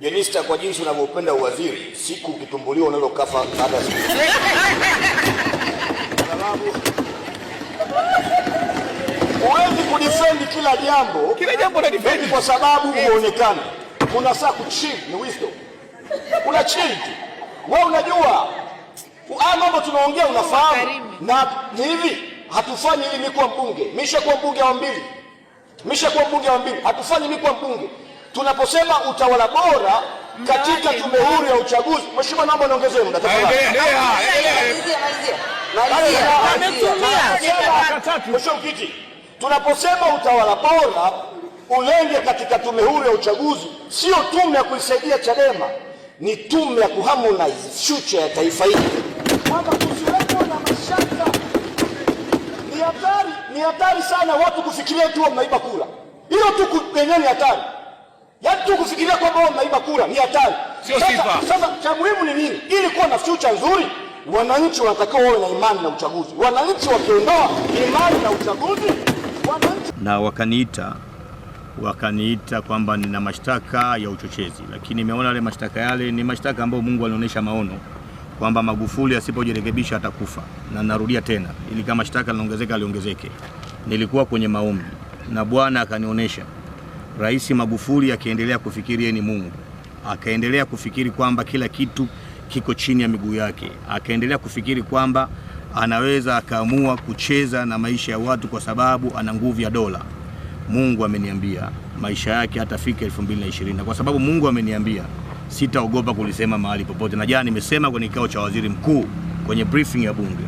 Jenista, kwa jinsi unavyopenda uwaziri, siku ukitumbuliwa baada ya siku huwezi kudifendi kila jambo, kila jambo na defend kwa sababu huonekana. Kuna saa kuchill ni wisdom, kuna chill tu. Wewe unajua mambo tunaongea, unafahamu na ni hivi. Hatufanyi ili mimi kuwa mbunge, mishakuwa mbunge wa mbili, mishakuwa mbunge wa mbili, hatufanyi mimi kuwa mbunge Tunaposema utawala bora katika tume huru ya uchaguzi, mheshimiwa, naomba niongezee muda mheshimiwa Tunaposema utawala bora ulenge katika tume huru ya uchaguzi, sio tume ya kuisaidia Chadema, ni tume ya kuharmonize future ya taifa hili, kwamba kusiwepo na mashaka. Ni hatari, ni hatari sana watu kufikiria tu wanaiba kura, hilo tu kwenye ni hatari. Yaani tu kufikiria kwamba wao mnaiba kura ni hatari. Sio sifa. Sasa cha muhimu ni nini? Ili kuwa na future nzuri, wananchi wanatakiwa wawe na imani na uchaguzi. Wananchi wakiondoa imani na uchaguzi, wananchi na wakaniita wakaniita kwamba nina mashtaka ya uchochezi, lakini nimeona yale mashtaka yale ni mashtaka ambayo Mungu alionyesha maono kwamba Magufuli asipojirekebisha atakufa, na narudia tena ili kama shtaka linaongezeka aliongezeke. Nilikuwa kwenye maombi na Bwana akanionyesha Rais Magufuli akiendelea kufikiri yeye ni Mungu, akaendelea kufikiri kwamba kila kitu kiko chini ya miguu yake, akaendelea kufikiri kwamba anaweza akaamua kucheza na maisha ya watu kwa sababu ana nguvu ya dola. Mungu ameniambia maisha yake hatafika 2020 kwa sababu Mungu ameniambia sitaogopa kulisema mahali popote, na jana nimesema kwenye kikao cha waziri mkuu kwenye briefing ya bunge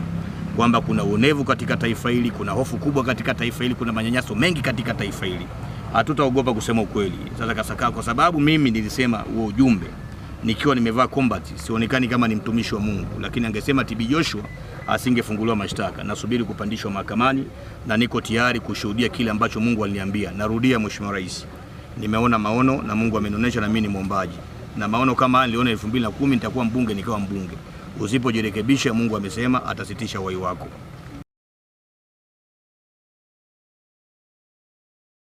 kwamba kuna uonevu katika taifa hili, kuna hofu kubwa katika taifa hili, kuna manyanyaso mengi katika taifa hili hatutaogopa kusema ukweli. Sasa Kasaka, kwa sababu mimi nilisema huo ujumbe nikiwa nimevaa combat, sionekani kama ni mtumishi wa Mungu, lakini angesema TB Joshua asingefunguliwa mashtaka. Nasubiri kupandishwa mahakamani na niko tayari kushuhudia kile ambacho Mungu aliniambia. Narudia, Mheshimiwa Rais, nimeona maono na Mungu amenionyesha, na mimi ni mwombaji, na maono kama haya niliona 2010 nitakuwa mbunge, nikawa mbunge. Usipojirekebisha, Mungu amesema atasitisha uhai wako.